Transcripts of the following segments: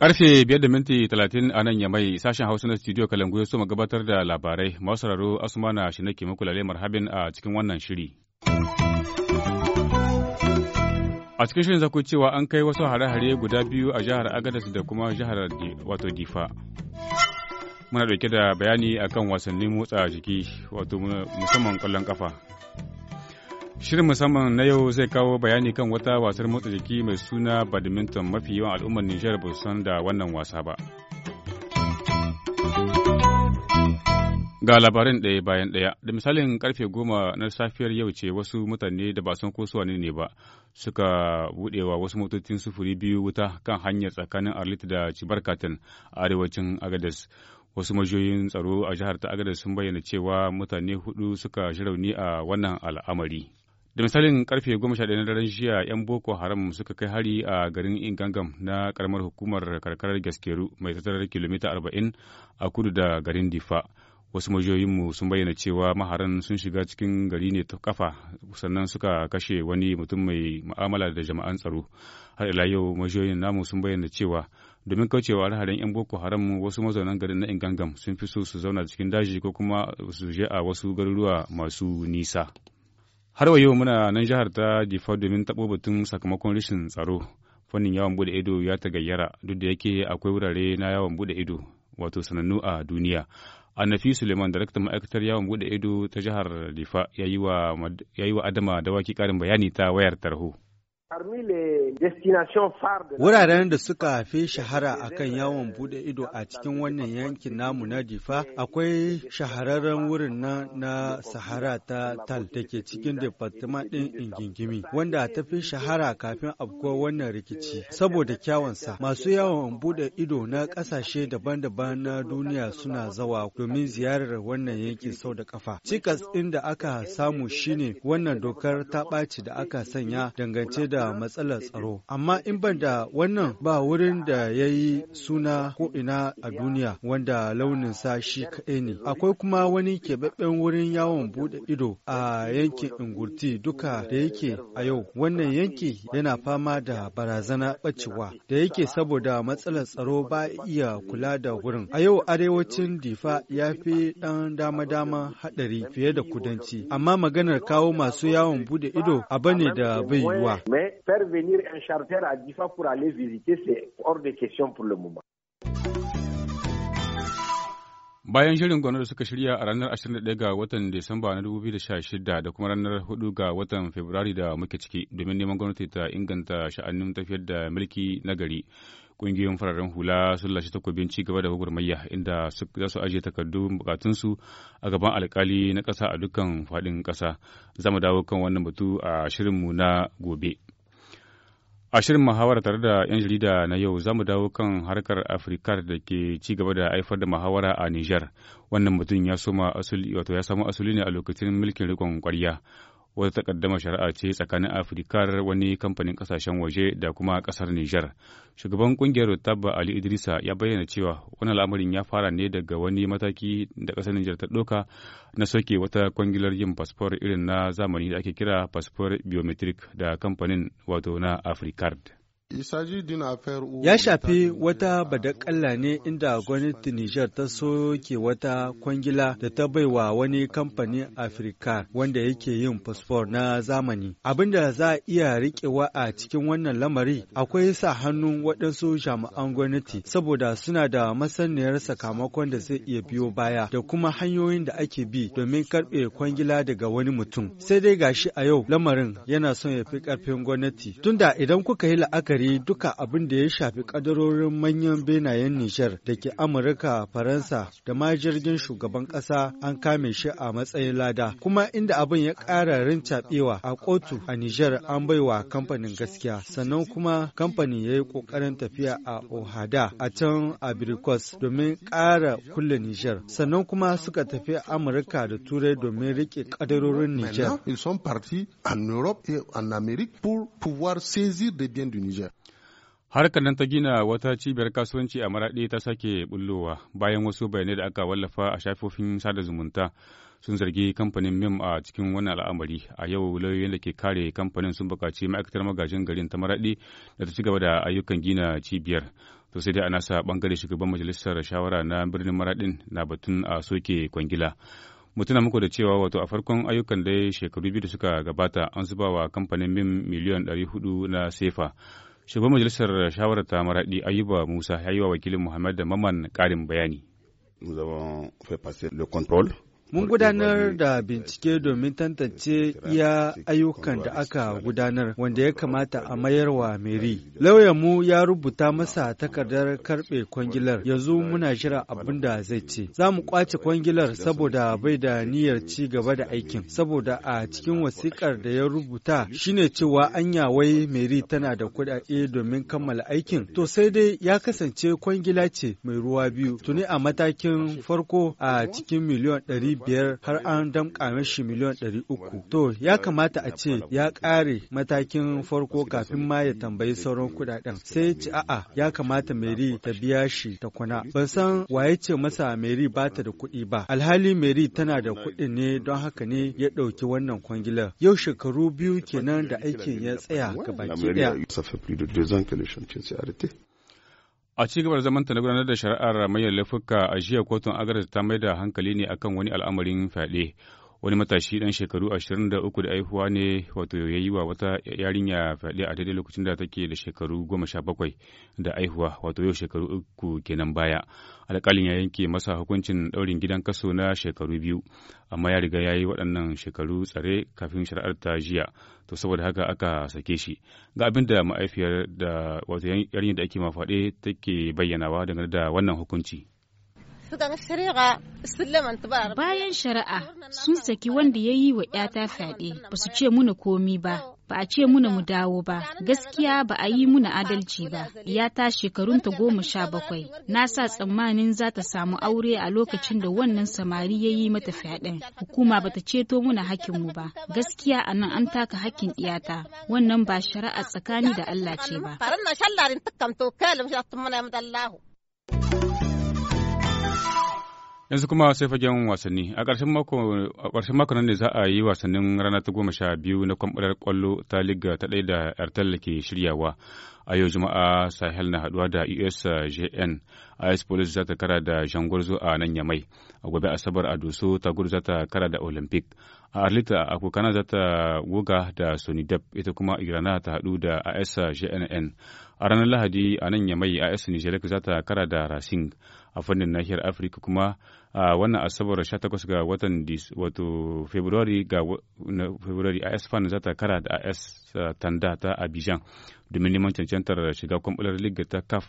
Karfe biyar da minti talatin a nan ya yamai sashen Hausa na studio Kalangu ya ma gabatar da labarai masu raro Asumana shi nake muku lalemar habin a cikin wannan shiri. A cikin shirin zaku cewa an kai wasu hare-hare guda biyu a jihar Agadas da kuma jihar wato Difa. muna dauke da bayani akan wasannin motsa jiki wato musamman kwallon kafa shirin musamman na yau zai kawo bayani kan wata wasar motsa jiki mai suna badminton mafi yawan al'ummar nijar ba san da wannan wasa ba ga labarin ɗaya bayan ɗaya da misalin karfe goma na safiyar yau ce wasu mutane da ba san ko su ne ba suka buɗewa wasu motocin sufuri biyu wuta kan hanyar tsakanin arlit da cibarkatan a arewacin agadas wasu majiyoyin tsaro a jihar ta agadar sun bayyana cewa mutane hudu suka ji rauni a wannan al'amari da misalin karfe goma sha na daren jiya yan boko haram suka kai hari a garin ingangam na karamar hukumar karkarar gaskeru mai tattarar kilomita arba'in a kudu da garin difa wasu majiyoyinmu sun bayyana cewa maharan sun shiga cikin gari ne ta kafa sannan suka kashe wani mutum mai mu'amala da jama'an tsaro har ila yau majiyoyin namu sun bayyana cewa domin kaucewa hare 'yan boko haram wasu mazaunan garin na ingangam sun fi so su zauna cikin daji ko kuma su je a wasu garuruwa masu nisa har wa yau muna nan jihar ta jifa domin taɓo batun sakamakon rashin tsaro fannin yawon bude ido ya ta gayyara duk da yake akwai wurare na yawon bude ido wato sanannu a duniya annafi suleiman daraktan ma'aikatar yawon bude ido ta jihar difa ya yi wa adama dawaki karin bayani ta wayar tarho Wuraren da suka fi shahara a kan yawon bude ido a cikin wannan yankin namu na Difa akwai shahararren wurin nan na Sahara ta Tal da ke cikin Departement ɗin Ingingimi wanda ta fi shahara kafin afkuwar wannan rikici. Saboda kyawunsa masu yawon bude ido na ƙasashe daban-daban na duniya suna zawa domin ziyarar wannan yankin sau da kafa. Cikas ɗin da aka samu shine wannan dokar ta ɓaci da aka sanya dangance da da matsalar tsaro. Amma in ban da wannan ba wurin da ya yi suna ko ina a duniya wanda launin sa shi kaɗai ne. Akwai kuma wani keɓaɓɓen wurin yawon buɗe ido a yankin Ingurti duka da yake a yau. Wannan yanki yana fama da barazana ɓacewa da yake saboda matsalar tsaro ba iya kula da wurin. A yau arewacin Difa ya fi ɗan dama-dama haɗari fiye da kudanci. Amma maganar kawo masu yawon buɗe ido abu ne da bai yiwuwa. faire venir un charter à Difa pour aller visiter, c'est hors de question pour le moment. Bayan shirin gwanar da suka shirya a ranar 21 ga watan Disamba na 2016 da kuma ranar 4 ga watan Fabrairu da muke ciki domin neman gwamnati ta inganta sha'anin tafiyar da mulki nagari gari. Ƙungiyoyin fararen hula sun lashe takobin ci gaba da gwagwarmaya inda za su ajiye takardun bukatunsu a gaban alkali na ƙasa a dukkan faɗin ƙasa. Za mu dawo kan wannan batu a shirinmu na gobe. A shirin muhawara tare da 'yan jarida na yau za mu dawo kan harkar Afirka da ke ci gaba da haifar da muhawara a Nijar. Wannan mutum ya soma asuli wato ya samu asuli ne a lokacin mulkin rikon kwarya wata takaddama shari'a ce tsakanin afirkar wani kamfanin kasashen waje da kuma kasar nijar shugaban kungiyar tabba ali idrisa ya bayyana cewa wani al'amarin ya fara ne daga wani mataki da kasar nijar ta ɗauka na soke wata kwangilar yin fasfor irin na zamani da ake kira fasfor biometric da kamfanin wato na afirkar. Ya shafi wata badakalla ne inda gwamnatin Nijar ta soke wata kwangila da ta baiwa wani kamfanin Afirka wanda yake yin fasfor na zamani. Abinda za a iya riƙewa a cikin wannan lamari akwai sa hannun waɗansu jami'an gwamnati saboda suna da masaniyar sakamakon da zai iya biyo baya da kuma hanyoyin da ake bi domin karɓe kwangila daga wani mutum. Sai dai gashi a yau lamarin yana son ya fi ƙarfin gwamnati. Tunda idan kuka yi la'akari la'akari duka abin da ya shafi kadarorin manyan benayen Nijar da ke Amurka, Faransa da ma jirgin shugaban ƙasa an kame shi a matsayin lada. Kuma inda abin ya ƙara rincaɓewa a kotu a Nijar an baiwa kamfanin gaskiya. Sannan kuma kamfanin ya yi ƙoƙarin tafiya a Ohada a can Abirikos domin ƙara kulle Nijar. Sannan kuma suka tafi Amurka da Turai domin riƙe kadarorin Nijar. pour pouvoir saisir des biens du Niger. Harkar nan ta gina wata cibiyar kasuwanci a maraɗi ta sake bullowa bayan wasu bayanai da aka wallafa a shafofin sada zumunta sun zargi kamfanin mim a cikin wannan al'amari a yau lauyoyin da ke kare kamfanin sun buƙaci ma'aikatar magajin garin ta maraɗi da ta ci gaba da ayyukan gina cibiyar to sai dai a nasa bangare shugaban majalisar shawara na birnin maraɗin na batun a soke kwangila mu tuna muku da cewa wato a farkon ayyukan dai shekaru biyu da suka gabata an zuba wa kamfanin mim miliyan ɗari hudu na sefa Shugaban majalisar shawarar ta maraɗi Ayuba Musa ya yi wa wakilin Muhammad da Maman ƙarin bayani. Nous avons fait passer le contrôle Mun gudanar da bincike domin tantance iya ayyukan da aka gudanar wanda ya kamata a mayarwa Meri. Lauyanmu ya rubuta masa takardar karɓe kwangilar yanzu muna jira abin da zai ce. Za mu ƙwace kwangilar saboda bai da niyyar ci gaba da aikin, saboda a cikin wasikar da ya rubuta shine cewa anya wai Meri tana da kuɗaɗe domin kammala aikin. To sai dai ya kasance kwangila ce mai ruwa biyu, tuni a matakin farko a cikin miliyon ɗari biyar har an damƙa mashi miliyan ɗari uku. To ya kamata a ce ya ƙare matakin farko kafin ma ya tambayi sauran kuɗaɗen. Sai ci a'a ya kamata Mary ta biya shi ta kuna. Ban san waye ce masa Mary ba ta da kuɗi ba. Alhali Mary tana da kuɗi ne don haka ne ya ɗauki wannan kwangilar. Yau shekaru biyu kenan da aikin ya tsaya gabaki ɗaya. A cigaba gaba da zamanta na gudanar da shari'ar mayar laifuka a jiya kotun agadas ta mai da hankali ne akan wani al'amarin fyaɗe wani matashi dan shekaru ashirin da uku da aihuwa ne wato ya yi wa wata yarinya fyaɗe a daidai lokacin da take da shekaru goma sha bakwai da aihuwa wato yau shekaru uku kenan baya alƙalin ya yanke masa hukuncin ɗaurin gidan kaso na shekaru biyu amma ya riga ya yi waɗannan shekaru tsare kafin shari'ar ta jiya to saboda haka aka sake shi ga abin da ma'aifiyar da wato yarinya da ake mafaɗe take bayyanawa dangane da wannan hukunci. Bayan shari'a sun saki wanda ya yi wa ‘yata fyaɗe ba su ce muna komi ba. Ba a ce muna mu dawo ba, gaskiya ba a yi muna adalci ba, iyata ta goma sha bakwai, na sa tsammanin za ta samu aure a lokacin da wannan samari ya yi mata fyaɗen, hukuma ba ta ceto muna hakinmu ba, gaskiya a nan an taka hakkin iyata, wannan ba shari'a tsakani da Allah ce ba. yanzu kuma sai fagen wasanni a ƙarshen mako nan ne za a yi wasannin rana ta goma sha biyu na kwamfurar kwallo ta liga ta ɗaya da artal ke shiryawa a yau juma'a sahel na haduwa da usjn is police za ta kara da jangorzo a nan yamai a gobe asabar a doso tagur za ta kara da olympic a Arlita Akukana za ta goga da Sonidep ita kuma Irana ta haɗu da AS GNN. A ranar Lahadi a nan Yamai AS Nijelek za ta kara da Racing a fannin nahiyar Afirka kuma a wannan Asabar 18 ga watan wato Februari ga Februari AS Fan za ta kara da AS Tanda ta Abidjan domin neman cancantar shiga kwamfular Liga ta CAF.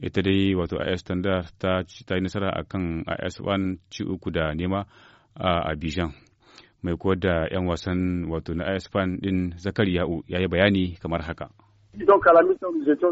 Ita dai wato AS Tanda ta yi nasara akan AS 1 ci uku da nema a Abidjan. mai koyar 'yan wasan wato na ispan din zakari ya'u ya yi bayani kamar haka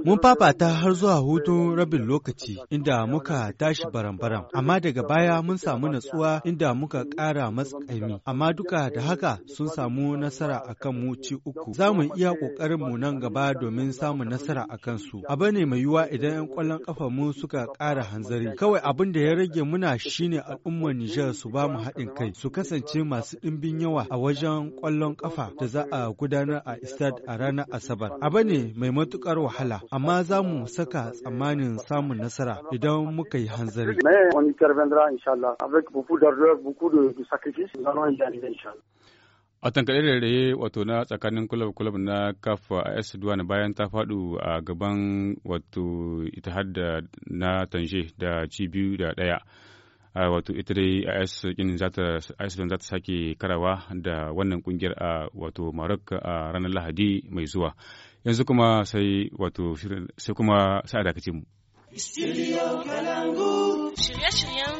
Mun fafata har zuwa hutun rabin lokaci inda muka tashi baram-baram, amma daga baya mun samu natsuwa inda muka ƙara matsakaimi, amma duka da haka sun samu nasara a kan mu ci uku. Za mu iya mu nan gaba domin samun nasara a kansu. Abu ne mai yiwuwa idan 'yan ƙwallon ƙafa mu suka ƙara hanzari. Kawai abin da ya rage muna shine al'ummar Nijar su ba mu haɗin kai, su kasance masu ɗimbin yawa a wajen ƙwallon ƙafa da za a gudanar a Istad a ranar Asabar. Abu ne mai matukar wahala, amma za mu saka tsammanin samun nasara idan muka yi hanzari. A tankaɗe da raye wato na tsakanin kulab-kulab na kafa a S duwana bayan ta faɗu a gaban wato ita da na Tanje da ci da ɗaya. wato ita dai is din za ta za ta sake karawa da wannan kungiyar a wato maroc a ranar lahadi mai zuwa yanzu kuma sai wato sai kuma sai a dakace mu studio shirye-shiryen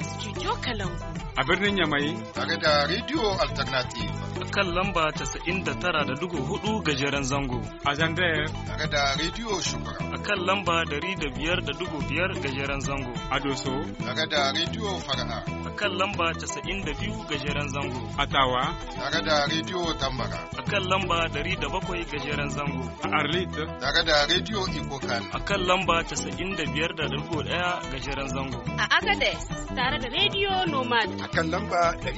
Kalangu. A birnin Yamai. Tare da Radio Alternative. A kan lamba 99.4 gajeren zango. A Zandaya. Tare da Radio Shugaba. A kan lamba 105.5 gajeren zango. A Doso. Tare da Radio Fara'a. kan lamba 92 gajeren zango. a Tawa. Tare da Radio Tambara. A kan lamba 107 gajeren zango. A Arlit. Tare da Radio Ikokan. A kan lamba 95.1 gajeren zango. A Agades. Tare da Radio Nomad. A kan lamba da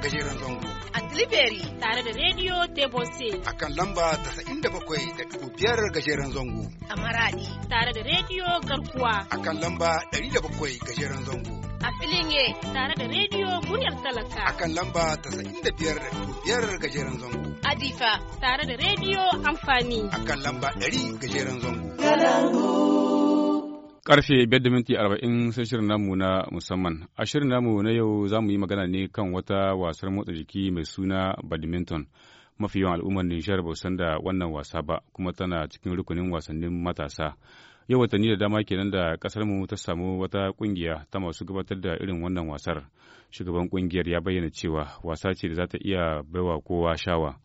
gajeren zango. A Tilibiri tare da Radio Tebose. A kan lamba 97.5 gajeren zango. A Maradi tare da Radio Garkuwa. A kan lamba 107 gajeren zango. A filin tare da Radio Muryar Talaka. A kan lamba 95.5 gajeren zango. A Difa tare da Radio Amfani. A kan lamba 100 gajeren zango. Galangu. Karfe biyar da minti arba'in sai shirin namu na musamman. A shirin namu na yau za mu yi magana ne kan wata wasar motsa jiki mai suna badminton. Mafi yawan al'ummar Nijar ba san da wannan wasa ba kuma tana cikin rukunin wasannin matasa. Yau watanni da dama kenan da kasar mu ta samu wata kungiya ta masu gabatar da irin wannan wasar. Shugaban kungiyar ya bayyana cewa wasa ce da za ta iya baiwa kowa shawa.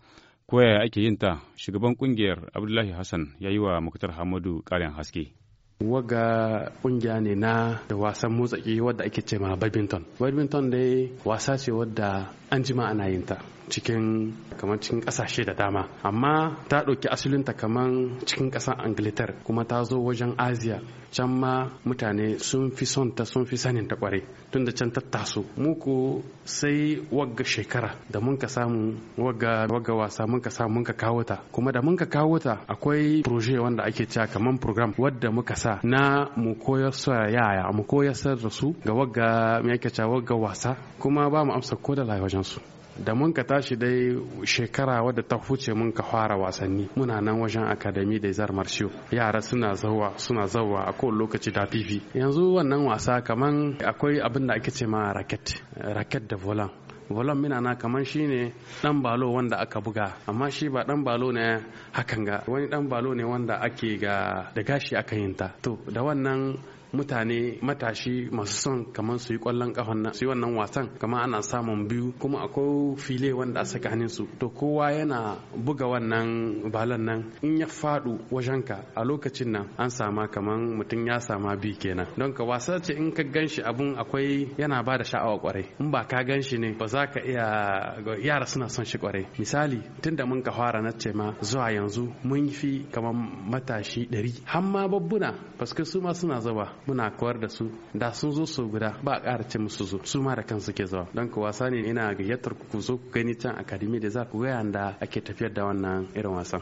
yaya ake yin ta? Shugaban kungiyar Abdullahi Hassan ya yi wa Muktar Hamadu karin haske. waga kungiya ne na da wasan motsa wadda ake ce ma badminton badminton dai wasa ce wadda an jima ana yin ta cikin kamar cikin kasashe da dama amma ta ɗauki asalinta kamar cikin ƙasar angilitar kuma ta zo wajen asiya can ma mutane sun fi son ta sun fi sanin ta kware tun da can ta taso muku sai wagga shekara da mun ka samu wagga wasa mun ka samu mun ka kawo ta kuma da mun ka kawo ta akwai proje wanda ake cewa kaman program wadda muka sa na mu koyar sa yaya mu koyar da su ga wagga me yake cewa wagga wasa kuma ba mu amsa ko da wajen su da mun ka tashi dai shekara wadda ta huce mun ka fara wasanni muna nan wajen akademi da zar marshiyo yara suna zawa suna zawa a kowane lokaci da fifi yanzu wannan wasa kaman akwai abin da ake ce ma raket raket da volan volon mina na kaman shi ne dan balo wanda aka buga amma shi ba dan balo ne hakan ga wani dan balo ne wanda ake ga da gashi aka yinta to da wannan mutane matashi masu son kamar su yi kwallon kafan nan su yi wannan wasan kamar ana samun biyu kuma akwai file wanda a saka hannun su to kowa yana buga wannan balan nan in ya fadu wajenka a lokacin nan an sama kamar mutum ya sama bi kenan don ka wasa ce in ka gan shi abun akwai yana ba da sha'awa kwarai in ba ka gan shi ne ba za ka iya yara suna son shi kwarai misali tunda mun ka fara na ce ma zuwa yanzu mun fi kamar matashi ɗari har ma babbuna paske su ma suna zaba muna kawar da su da sun zo su guda ba a ƙara ce musu zo su ma da kansu ke zuwa don ku wasa ne ina gayyatar ku ku zo ku gani can akademi da za ku ga yanda ake tafiyar da wannan irin wasan.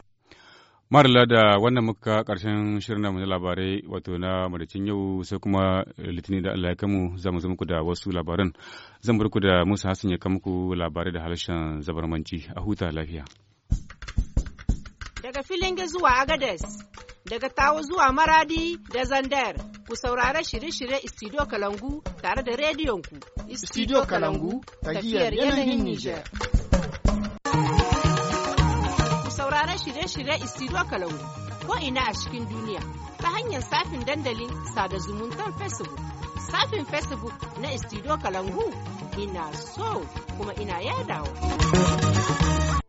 Marla da wannan muka karshen shirin namu na labarai wato na madacin yau sai kuma litinin da Allah ya kamu za mu da wasu labaran zan bar ku da Musa Hassan ya kamu muku labarai da harshen zabarmanci a huta lafiya. daga Filinge zuwa Agades, daga Tawo zuwa Maradi da Zandar. Ku saurara shirye-shirye Studio Kalangu tare da rediyonku. Studio Kalangu tafiyar yanayin niger Ku saurara shirye-shirye Studio Kalangu ko ina a cikin duniya ta hanyar safin dandalin sada zumuntar Facebook. Safin Facebook na Studio Kalangu ina so kuma ina yadawa.